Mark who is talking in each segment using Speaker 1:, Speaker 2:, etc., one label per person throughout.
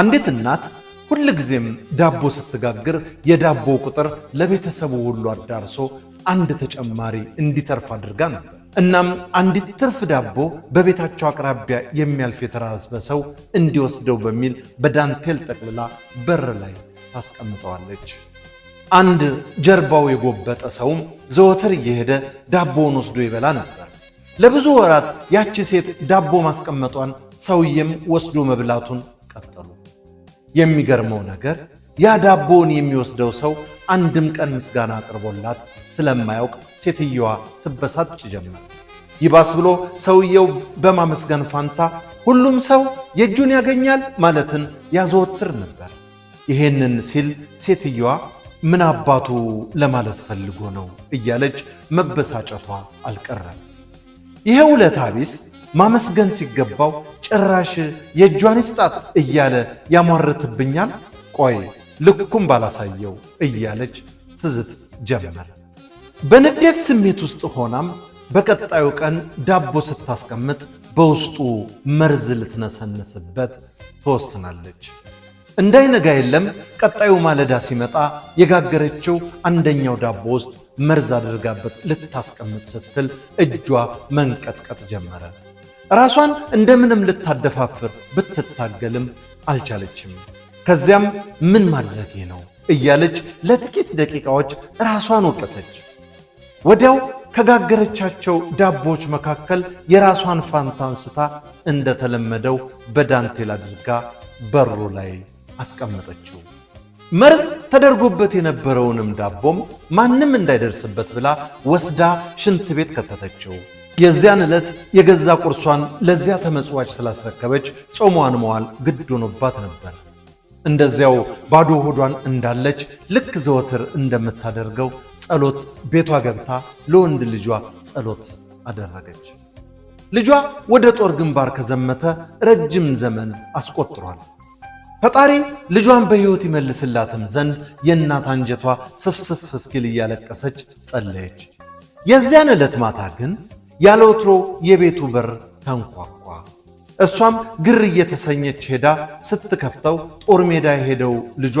Speaker 1: አንዲት እናት ሁል ጊዜም ዳቦ ስትጋግር የዳቦ ቁጥር ለቤተሰቡ ሁሉ አዳርሶ አንድ ተጨማሪ እንዲተርፍ አድርጋ ነበር። እናም አንዲት ትርፍ ዳቦ በቤታቸው አቅራቢያ የሚያልፍ የተራበ ሰው እንዲወስደው በሚል በዳንቴል ጠቅልላ በር ላይ ታስቀምጠዋለች። አንድ ጀርባው የጎበጠ ሰውም ዘወትር እየሄደ ዳቦውን ወስዶ ይበላ ነበር። ለብዙ ወራት ያቺ ሴት ዳቦ ማስቀመጧን ሰውዬም ወስዶ መብላቱን ቀጠሉ። የሚገርመው ነገር ያ ዳቦውን የሚወስደው ሰው አንድም ቀን ምስጋና አቅርቦላት ስለማያውቅ ሴትየዋ ትበሳጭ ጀመር። ይባስ ብሎ ሰውየው በማመስገን ፋንታ ሁሉም ሰው የእጁን ያገኛል ማለትን ያዘወትር ነበር። ይሄንን ሲል ሴትየዋ ምን አባቱ ለማለት ፈልጎ ነው እያለች መበሳጨቷ አልቀረም። ይሄ ውለታ ቢስ ማመስገን ሲገባው ጭራሽ የእጇን ይስጣት እያለ ያሟርትብኛል። ቆይ ልኩም ባላሳየው እያለች ትዝት ጀመር። በንዴት ስሜት ውስጥ ሆናም በቀጣዩ ቀን ዳቦ ስታስቀምጥ በውስጡ መርዝ ልትነሰንስበት ትወስናለች። እንዳይነጋ የለም ቀጣዩ ማለዳ ሲመጣ የጋገረችው አንደኛው ዳቦ ውስጥ መርዝ አድርጋበት ልታስቀምጥ ስትል እጇ መንቀጥቀጥ ጀመረ። ራሷን እንደምንም ልታደፋፍር ብትታገልም አልቻለችም። ከዚያም ምን ማድረጌ ነው እያለች ለጥቂት ደቂቃዎች ራሷን ወቀሰች። ወዲያው ከጋገረቻቸው ዳቦዎች መካከል የራሷን ፋንታ አንስታ እንደተለመደው በዳንቴል አድርጋ በሩ ላይ አስቀመጠችው። መርዝ ተደርጎበት የነበረውንም ዳቦም ማንም እንዳይደርስበት ብላ ወስዳ ሽንት ቤት ከተተችው። የዚያን ዕለት የገዛ ቁርሷን ለዚያ ተመጽዋች ስላስረከበች ጾሟን መዋል ግድ ሆኖባት ነበር። እንደዚያው ባዶ ሆዷን እንዳለች ልክ ዘወትር እንደምታደርገው ጸሎት ቤቷ ገብታ ለወንድ ልጇ ጸሎት አደረገች። ልጇ ወደ ጦር ግንባር ከዘመተ ረጅም ዘመን አስቆጥሯል። ፈጣሪ ልጇን በሕይወት ይመልስላትም ዘንድ የእናት አንጀቷ ስፍስፍ እስኪል እያለቀሰች ጸለየች። የዚያን ዕለት ማታ ግን ያለ ወትሮ የቤቱ በር ተንኳኳ። እሷም ግር እየተሰኘች ሄዳ ስትከፍተው ጦር ሜዳ የሄደው ልጇ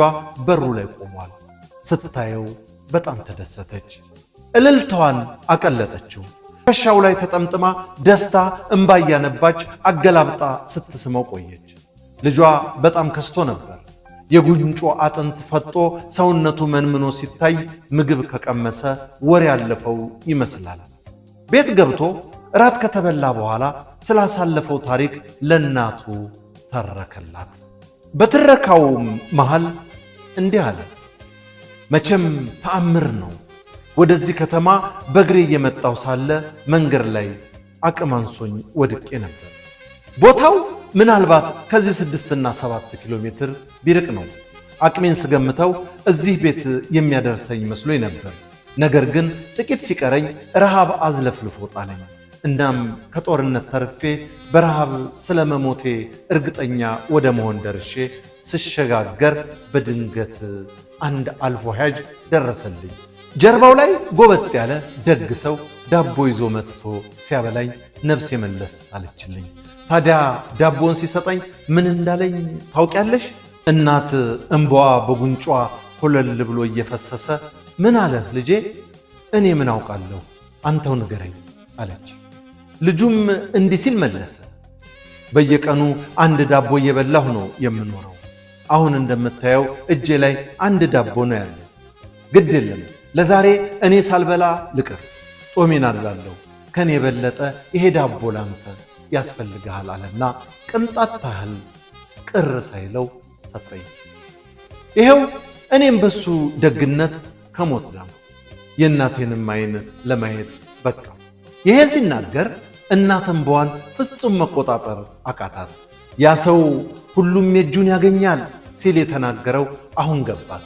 Speaker 1: በሩ ላይ ቆሟል። ስትታየው በጣም ተደሰተች። እልልታዋን አቀለጠችው። ከሻው ላይ ተጠምጥማ ደስታ እምባ እያነባች አገላብጣ ስትስመው ቆየች። ልጇ በጣም ከስቶ ነበር። የጉንጮ አጥንት ፈጦ ሰውነቱ መንምኖ ሲታይ ምግብ ከቀመሰ ወር ያለፈው ይመስላል። ቤት ገብቶ እራት ከተበላ በኋላ ስላሳለፈው ታሪክ ለእናቱ ተረከላት። በትረካው መሃል እንዲህ አለ፣ መቼም ተአምር ነው። ወደዚህ ከተማ በእግሬ እየመጣው ሳለ መንገድ ላይ አቅም አንሶኝ ወድቄ ነበር። ቦታው ምናልባት ከዚህ ስድስትና ሰባት ኪሎ ሜትር ቢርቅ ነው። አቅሜን ስገምተው እዚህ ቤት የሚያደርሰኝ መስሎኝ ነበር። ነገር ግን ጥቂት ሲቀረኝ ረሃብ አዝለፍልፎ ጣለኝ። እናም ከጦርነት ተርፌ በረሃብ ስለመሞቴ እርግጠኛ ወደ መሆን ደርሼ ስሸጋገር በድንገት አንድ አልፎ ሂያጅ ደረሰልኝ። ጀርባው ላይ ጎበጥ ያለ ደግ ሰው ዳቦ ይዞ መጥቶ ሲያበላኝ ነፍሴ መለስ አለችልኝ። ታዲያ ዳቦን ሲሰጠኝ ምን እንዳለኝ ታውቂያለሽ? እናት እምባዋ በጉንጯ ሁለል ብሎ እየፈሰሰ ምን አለህ ልጄ? እኔ ምን አውቃለሁ አንተው ንገረኝ አለች። ልጁም እንዲህ ሲል መለሰ፣ በየቀኑ አንድ ዳቦ እየበላሁ ነው የምኖረው። አሁን እንደምታየው እጄ ላይ አንድ ዳቦ ነው ያለ። ግድ የለም ለዛሬ እኔ ሳልበላ ልቅር፣ ጦሜን አድላለሁ። ከኔ የበለጠ ይሄ ዳቦ ላንተ ያስፈልግሃል አለና ቅንጣት ታህል ቅር ሳይለው ሰጠኝ። ይኸው እኔም በሱ ደግነት ከሞት ጋር! የእናቴንም ዓይን ለማየት በቃ። ይህን ሲናገር እናት እንባዋን ፍጹም መቆጣጠር አቃታት። ያ ሰው ሁሉም የእጁን ያገኛል ሲል የተናገረው አሁን ገባት።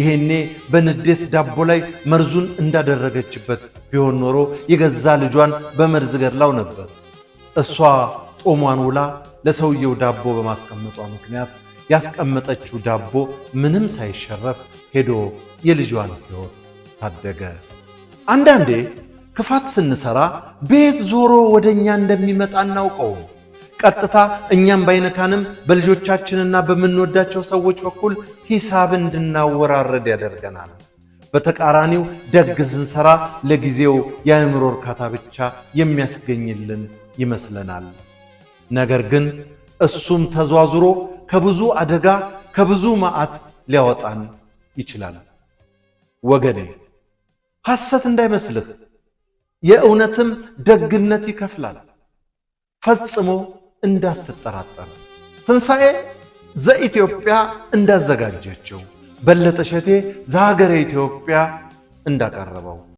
Speaker 1: ይሄኔ በንዴት ዳቦ ላይ መርዙን እንዳደረገችበት ቢሆን ኖሮ የገዛ ልጇን በመርዝ ገድላው ነበር። እሷ ጦሟን ውላ ለሰውየው ዳቦ በማስቀመጧ ምክንያት ያስቀመጠችው ዳቦ ምንም ሳይሸረፍ ሄዶ የልጇን ሕይወት ታደገ። አንዳንዴ ክፋት ስንሰራ ቤት ዞሮ ወደ እኛ እንደሚመጣ እናውቀው። ቀጥታ እኛም ባይነካንም በልጆቻችንና በምንወዳቸው ሰዎች በኩል ሂሳብ እንድናወራረድ ያደርገናል። በተቃራኒው ደግ ስንሰራ ለጊዜው የአእምሮ እርካታ ብቻ የሚያስገኝልን ይመስለናል። ነገር ግን እሱም ተዟዙሮ ከብዙ አደጋ ከብዙ መዓት ሊያወጣን ይችላል። ወገኔ ሐሰት እንዳይመስልህ፣ የእውነትም ደግነት ይከፍላል። ፈጽሞ እንዳትጠራጠር። ትንሣኤ ዘኢትዮጵያ እንዳዘጋጀችው በለጠ ሸቴ ዘሀገረ ኢትዮጵያ እንዳቀረበው